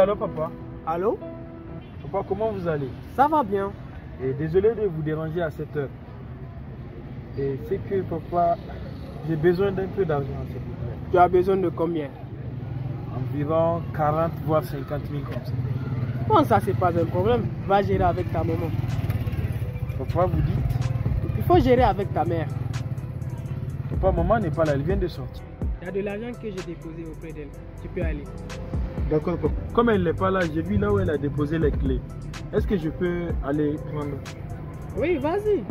allô papa. Allô Papa, comment vous allez Ça va bien. Et désolé de vous déranger à cette heure. Et c'est que papa, j'ai besoin d'un peu d'argent, Tu as besoin de combien Environ 40 voire 50 000 comme ça. Bon, ça c'est pas un problème. Va gérer avec ta maman. Papa, vous dites Il faut gérer avec ta mère. Papa, maman n'est pas là, elle vient de sortir. Il y a de l'argent que j'ai déposé auprès d'elle. Tu peux aller. D'accord. Comme elle n'est pas là, j'ai vu là où elle a déposé les clés. Est-ce que je peux aller prendre Oui, vas-y.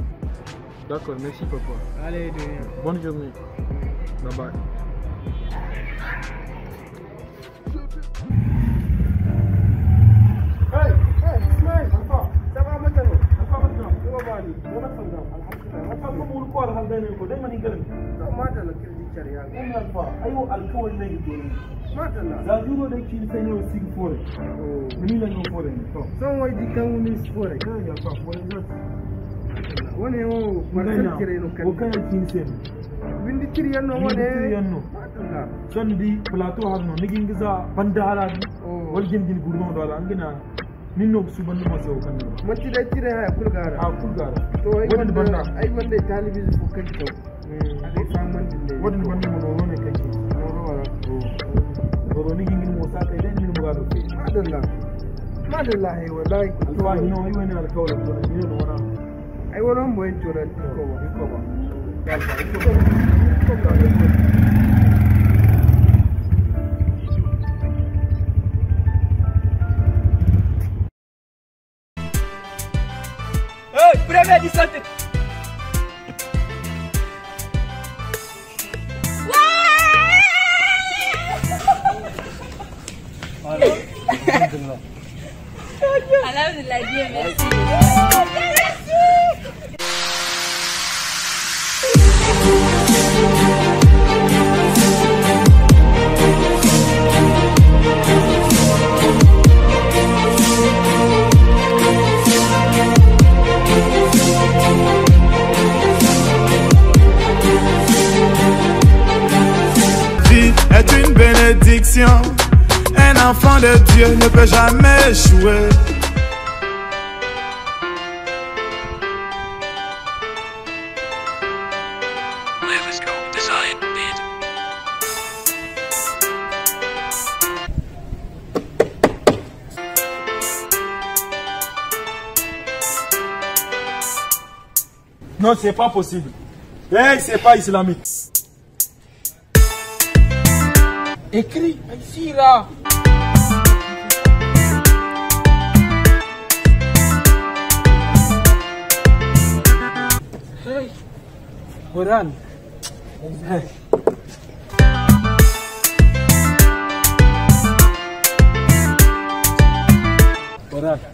D'accord, merci papa. Allez, Bonne journée. Bye bye. Hey, Zazuro já kilisen yau sig fore. Mini lan yau fore ne to. Son wai di kan wani fore. Kan ya fa fore zan. Wani yau markar kire no é Wo kan kilisen. Windi kiri yanno wani. Windi kiri yanno. Son di plateau har no nigin giza banda hala. Wal gindin gurno da an gina min no su bandu masu yau kanna ba mace da kira ya kurgara a kurgara to ai wanda ai wanda talibi su kan kyau a dai samun dinde wanda bandu الحمد لله الحمد لله والله كنت هنا وين على كولا من ورا اي ورا مو يجور الكوبا الكوبا Hey, prevede, Santos! Alhamdulillah, Est une bénédiction L'enfant de Dieu ne peut jamais échouer. Non, c'est pas possible. Hey, eh, c'est pas islamique. Écris ici là. Quran. Quran.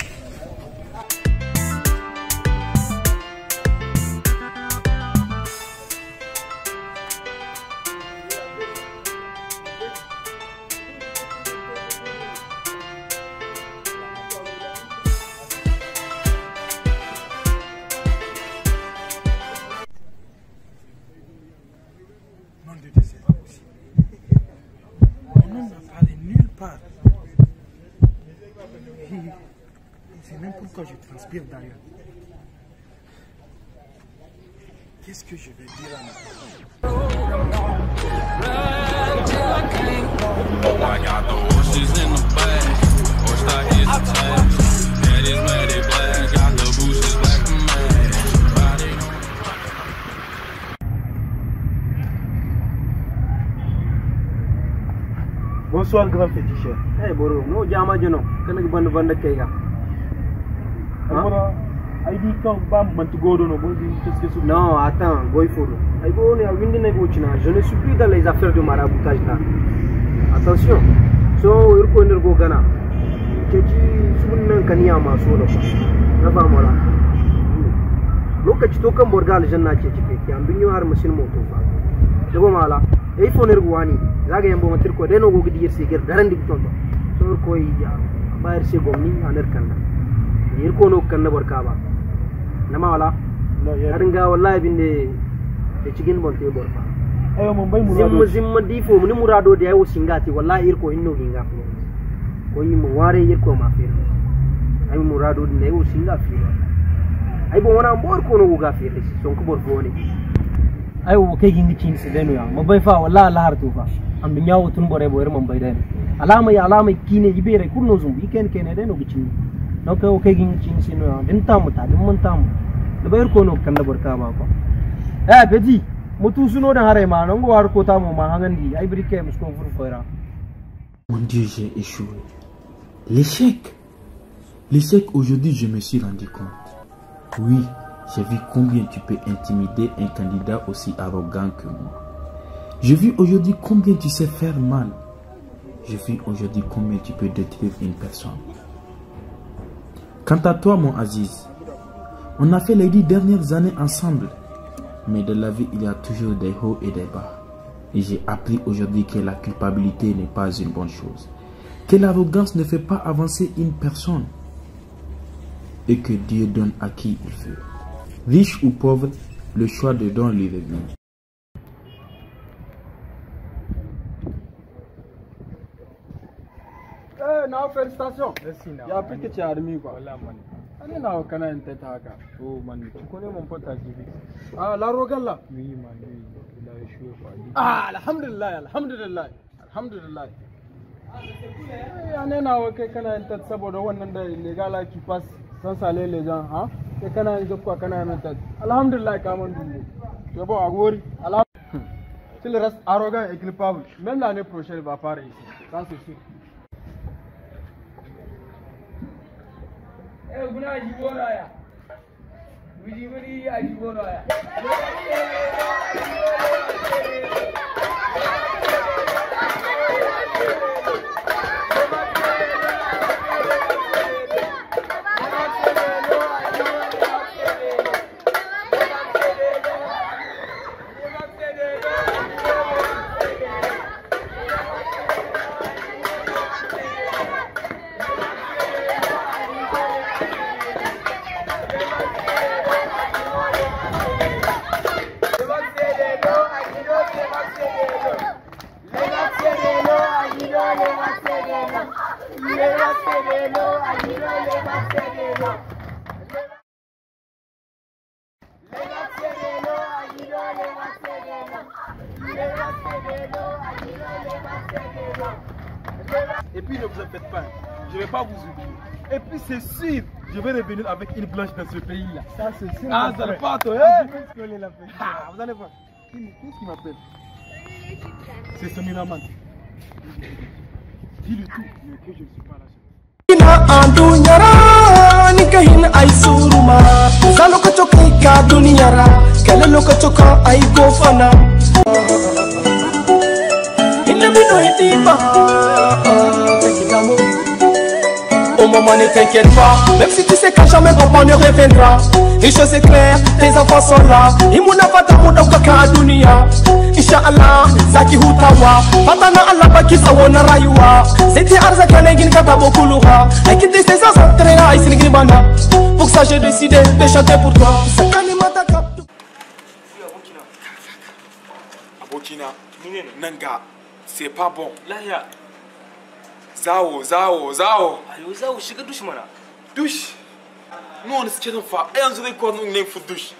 n'a parlé nulle part. C'est même pourquoi je transpire d'ailleurs. Qu'est-ce que je vais dire à ma Oh the ሰርግናል ፈትሽ አይ ቦሮ ነው ጃማጅ ነው ከነግ በን በን ከይጋ ቦሮ አይዲ ካው ባም መንት ጎዶ ነው ቦይ ተስከሱ ኖ አታን ቦይ ፎሎ አይ ቦን ያ ዊንድ ነጎች ና je ne suis plus dans les affaires de maraboutage là attention so irko nirgo gana keji sunan kaniya maso na fa na ba mala lokaci to kan borgal janna ce cike yan binyo har masin moto ba dabo mala ei fonir guwani zaga yambo matir ko deno go gidi yerse ger daran dik tonto sor koy ya bayar se gomni aner kanda yer ko no kanda bor ba nama wala adinga wallahi binde bon te bonte borfa ayo mun bay murado zimma zimma di fo mun murado de ayo singati wallahi yer ko hinno ginga ko koy mu ware yer ko ma fir ay murado de ayo singa fi ay bo wana bor ko no go ga fer son ko bor ko ay wo kai gingi chin se denu yang mabai fa wala la har tu fa am dunya wo tun bore boer man bai denu alama ya alama kine ibere kunno zum iken kene denu gichin no kai wo kai gingi chin se no yang din tamu ta din mun tamu da bayar ko no kan da barka ba ko eh beji mutu suno da hare ma nan go war ko tamu ma hangan di ay brike mus ko fur foira mon dieu j'ai échoué l'échec l'échec aujourd'hui je me suis rendu compte oui J'ai vu combien tu peux intimider un candidat aussi arrogant que moi. J'ai vu aujourd'hui combien tu sais faire mal. J'ai vu aujourd'hui combien tu peux détruire une personne. Quant à toi, mon Aziz, on a fait les dix dernières années ensemble. Mais de la vie, il y a toujours des hauts et des bas. Et j'ai appris aujourd'hui que la culpabilité n'est pas une bonne chose. Que l'arrogance ne fait pas avancer une personne. Et que Dieu donne à qui il veut. Riche ou pauvre, le choix de don lui revient. Eh, félicitations. Merci a plus que tu as remis Oh tu connais mon pote Ah, la Ah, alhamdulillah, alhamdulillah. Alhamdulillah. qui passent sans saler les gens, hein? kai kana yin zakkuwa kana yin ta alhamdulillah ka man dungo to ba a gori alhamdulillah til ras arogan ekil pabu men la ne prochain va fare ici ça c'est sûr eh guna ji bora ya wuri wuri ya ji bora ya Et puis ne vous inquiétez pas, je ne vais pas vous oublier. Et puis c'est sûr, je vais revenir avec une blanche dans ce pays-là. Ça c'est sûr. Ah, ça le pas, toi, hein ah, Vous allez voir. Qu'est-ce qui m'appelle C'est son Dis-le tout, mais que je ne suis pas là. kahin hin ai suruma za lokaco kai ka duniyara kala lokaco ka ai gofana inna mi no pa Au moment ne t'inquiète pas Même si tu sais qu'à jamais papa ne reviendra Une chose est claire, tes enfants sont là Et mon avata mon kaka adunia Insha'Allah, zaki hutawa Patana Allah baki sawona rayuwa C'était Arza negin kata bokulura Et qui t'es sa entrera ici gribana Pour ça j'ai décidé de chanter pour toi Sakani Nanga, c'est pas bon. Là, Zawo, Zao. zawo. Alo, zawo, shiga dush mana. Dush? não wani suke nan fa, a yanzu zai kuwa zan nemi dush.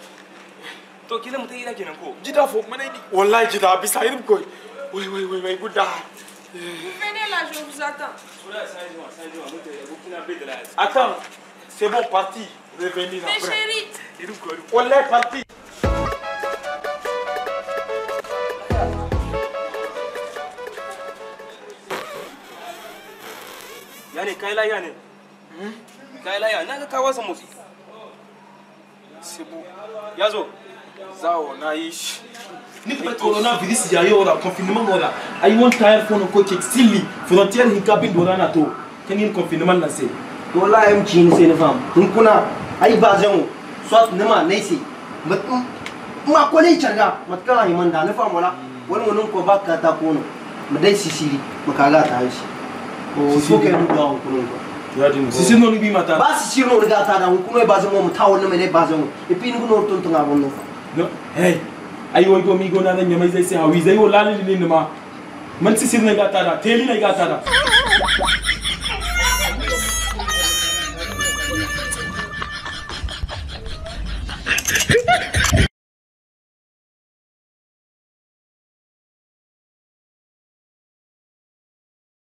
To ki zama ta gida kenan ko? Jida fo, mana ni. Wallahi jida bisa irin koi. Wai wai sai wai guda. Venez là, je vous attends. Attends, c'est bon, parti. Revenez après. Mais chérie. Olha, parti. ya ne hmm? kai lahiya ne kai lahiya na ga kawo sa motsi sibu ya zo zawo na yi shi ni pe corona virus ya yo ora confinement ora ai won tire phone ko ke silly frontier hin cabin do na to kenin confinement na se dola am chin se ne fam kun kuna ai ba zan so ne ma ne se ma ko ne charga matka hi man da ne fam wala hmm. wani wani ko ba ka ta kono mu dai sisiri mu ta shi soke nuga unkuno yadin sisi non bi mata bas sisi non ga ta da unkuno bazo mom tawol no mele bazo e pin kuno ton ton abon no no hey ay woy go mi go na da nyamai zai sai hawi zai wo lalili ne ma man sisi ne ga ta da teli ne ga ta da